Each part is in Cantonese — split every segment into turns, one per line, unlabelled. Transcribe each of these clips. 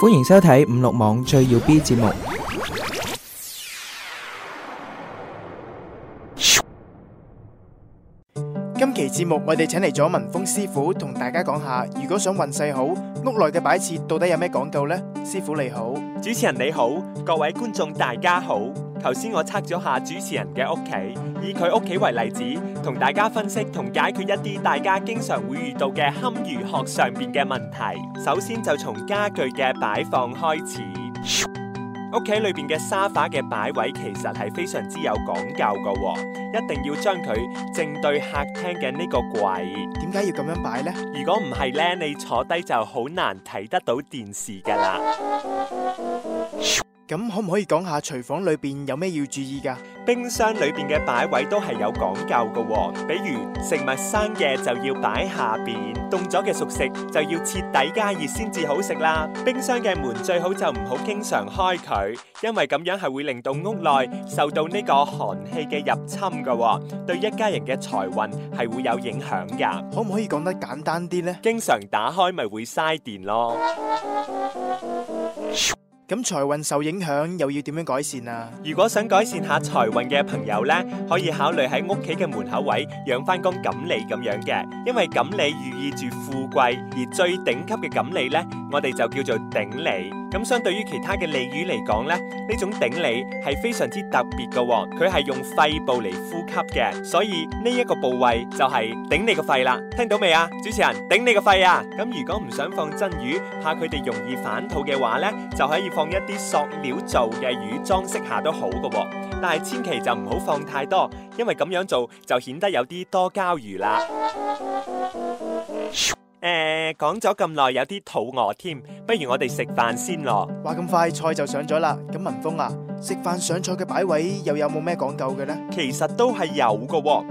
歡迎收睇五六網最耀 B 節目。今期節目我哋請嚟咗文峰師傅，同大家講下，如果想運勢好，屋內嘅擺設到底有咩講究呢？師傅你好。
主持人你好，各位觀眾大家好。頭先我測咗下主持人嘅屋企，以佢屋企為例子，同大家分析同解決一啲大家經常會遇到嘅堪輿學上邊嘅問題。首先就從家具嘅擺放開始。屋企裏邊嘅沙發嘅擺位其實係非常之有講究噶，一定要將佢正對客廳嘅呢個櫃。點解要咁樣擺呢？如果唔係呢，你坐低就好難睇得到電視噶啦。
咁 可唔可以講下廚房裏邊有咩要注意噶？
冰箱裏邊嘅擺位都係有講究噶喎，比如食物生嘅就要擺下邊，凍咗嘅熟食就要徹底加熱先至好食啦。冰箱嘅門最好就唔好經常開佢，因為咁樣係會令到屋內受到呢個寒氣嘅入侵噶喎，對一家人嘅財運係會有影響噶。可唔可以講得簡單啲呢？經常打開咪會嘥電咯。咁財運受影響又要點樣改善啊？如果想改善下財運嘅朋友呢，可以考慮喺屋企嘅門口位養翻公錦鯉咁樣嘅，因為錦鯉寓意住富貴，而最頂級嘅錦鯉呢，我哋就叫做頂你。咁相對於其他嘅鯉魚嚟講咧，呢種頂鯉係非常之特別噶，佢係用肺部嚟呼吸嘅，所以呢一個部位就係頂你個肺啦，聽到未啊？主持人，頂你個肺啊！咁如果唔想放真魚，怕佢哋容易反肚嘅話，呢就可以放一啲塑料做嘅魚裝飾下都好噶，但係千祈就唔好放太多，因為咁樣做就顯得有啲多膠魚啦。誒，講咗咁耐，有啲肚餓添，不如我哋食飯先咯。話咁快菜就上咗
啦，咁文峰啊，食飯上菜嘅擺位又有冇咩講究嘅呢？
其實都係有嘅。哦，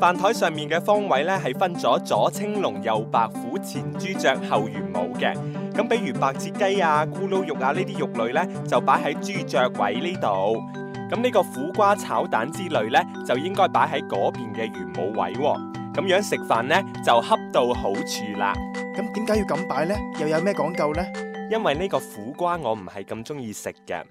飯台上面嘅方位呢，係分咗左青龍右白虎前朱雀後玄武嘅。咁比如白切雞啊、咕嚕肉啊呢啲肉類呢，就擺喺朱雀位呢度。咁呢個苦瓜炒蛋之類呢，就應該擺喺嗰邊嘅玄武位，哦。咁樣食飯呢，就恰到好處啦。
咁點解要咁擺呢？又有咩講究呢？
因為呢個苦瓜我唔係咁中意食嘅。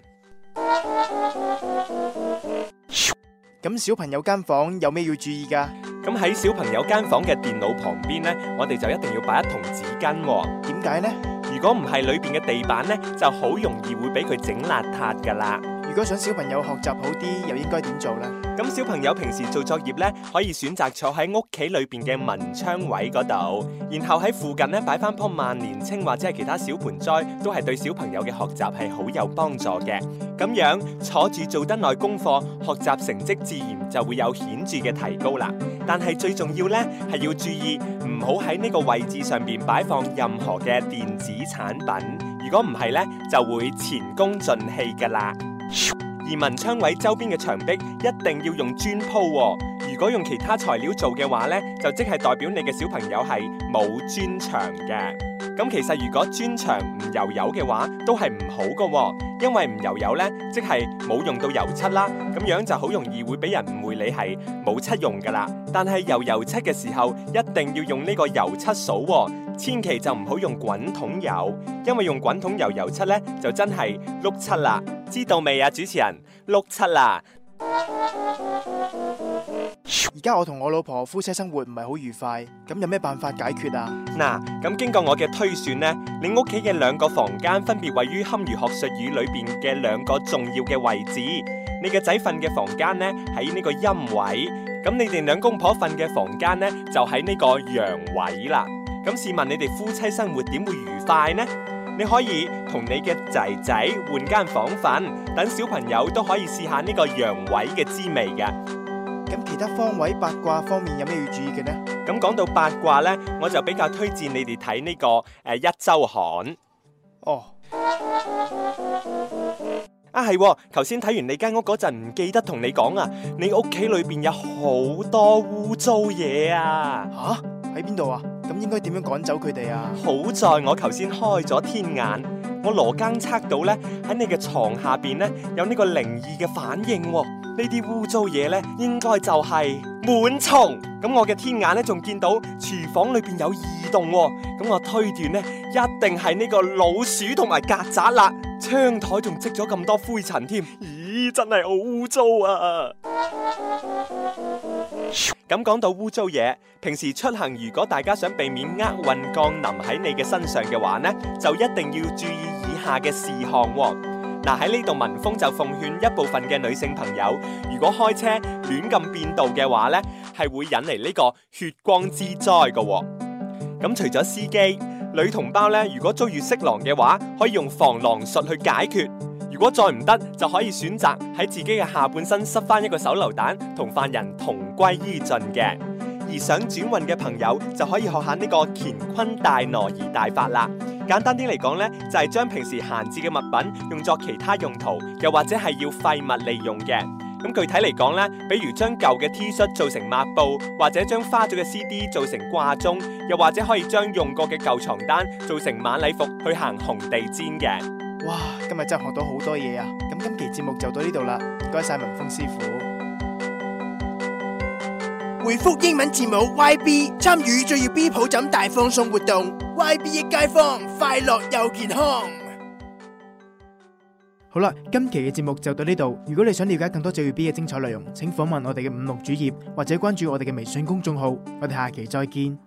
咁小朋友間房有咩要注意噶？咁喺小朋友間房嘅電腦旁邊呢，我哋就一定要擺一桶紙巾啊。點解呢？如果唔係裏邊嘅地板呢，就好容易會俾佢整邋遢噶啦。
如果想小朋友學習好啲，又應該點做呢？
咁小朋友平時做作業咧，可以選擇坐喺屋企裏邊嘅文昌位嗰度，然後喺附近咧擺翻棵萬年青或者係其他小盆栽，都係對小朋友嘅學習係好有幫助嘅。咁樣坐住做得耐功課，學習成績自然就會有顯著嘅提高啦。但係最重要咧，係要注意唔好喺呢個位置上邊擺放任何嘅電子產品。如果唔係咧，就會前功盡棄噶啦。而門窗位周邊嘅牆壁一定要用磚鋪、哦，如果用其他材料做嘅話呢，就即係代表你嘅小朋友係冇磚牆嘅。咁、嗯、其實如果磚牆唔油油嘅話，都係唔好嘅、哦，因為唔油油呢，即係冇用到油漆啦。咁樣就好容易會俾人誤會你係冇漆用噶啦。但係油油漆嘅時候，一定要用呢個油漆掃、哦，千祈就唔好用滾筒油，因為用滾筒油油漆呢，就真係碌漆啦。知道未啊，主持人六七啦！而
家我同我老婆夫妻生活唔係好愉快，咁有咩辦法解決啊？
嗱，咁經過我嘅推算呢，你屋企嘅兩個房間分別位於堪輿學術語裏邊嘅兩個重要嘅位置。你嘅仔瞓嘅房間呢，喺呢個陰位。咁你哋兩公婆瞓嘅房間呢，就喺呢個陽位啦。咁試問你哋夫妻生活點會愉快呢？你可以同你嘅仔仔換間房瞓，等小朋友都可以試下呢個陽位嘅滋味嘅。咁其他方位八卦方面有咩要注意嘅呢？咁講到八卦呢，我就比較推薦你哋睇，呢個誒、啊、一周刊。哦，啊係，頭先睇完你間屋嗰陣唔記得同你講啊，你屋企裏邊有好多污糟嘢啊！吓，喺邊度啊？應該點樣趕走佢哋啊？好在我頭先開咗天眼，我羅庚測到呢，喺你嘅床下邊呢，有呢個靈異嘅反應，呢啲污糟嘢呢，應該就係蟎蟲。咁我嘅天眼呢，仲見到廚房裏邊有異動，咁我推斷呢，一定係呢個老鼠同埋曱甴啦。窗台仲積咗咁多灰塵添。真係好污糟啊！咁講到污糟嘢，平時出行，如果大家想避免厄運降臨喺你嘅身上嘅話呢，就一定要注意以下嘅事項。嗱，喺呢度，文峰就奉勸一部分嘅女性朋友，如果開車亂咁變道嘅話呢，係會引嚟呢個血光之災嘅。咁、啊、除咗司機，女同胞呢，如果遭遇色狼嘅話，可以用防狼術去解決。如果再唔得，就可以選擇喺自己嘅下半身塞翻一個手榴彈，同犯人同歸於盡嘅。而想轉運嘅朋友，就可以學下呢個乾坤大挪移大法啦。簡單啲嚟講呢，就係將平時閒置嘅物品用作其他用途，又或者係要廢物利用嘅。咁具體嚟講呢，比如將舊嘅 T 恤做成抹布，或者將花咗嘅 CD 做成掛鐘，又或者可以將用過嘅舊床單做成晚禮服去行紅地毯嘅。
哇！今日真係學到好多嘢啊！咁今期節目就到呢度啦，唔該晒文峰師傅。回覆英文字母 YB 參與《最耀 B 抱枕大放送》活動，YB 益街坊快樂又健康。好啦，今期嘅節目就到呢度。如果你想了解更多《最耀 B》嘅精彩內容，請訪問我哋嘅五六主頁或者關注我哋嘅微信公眾號。我哋下期再見。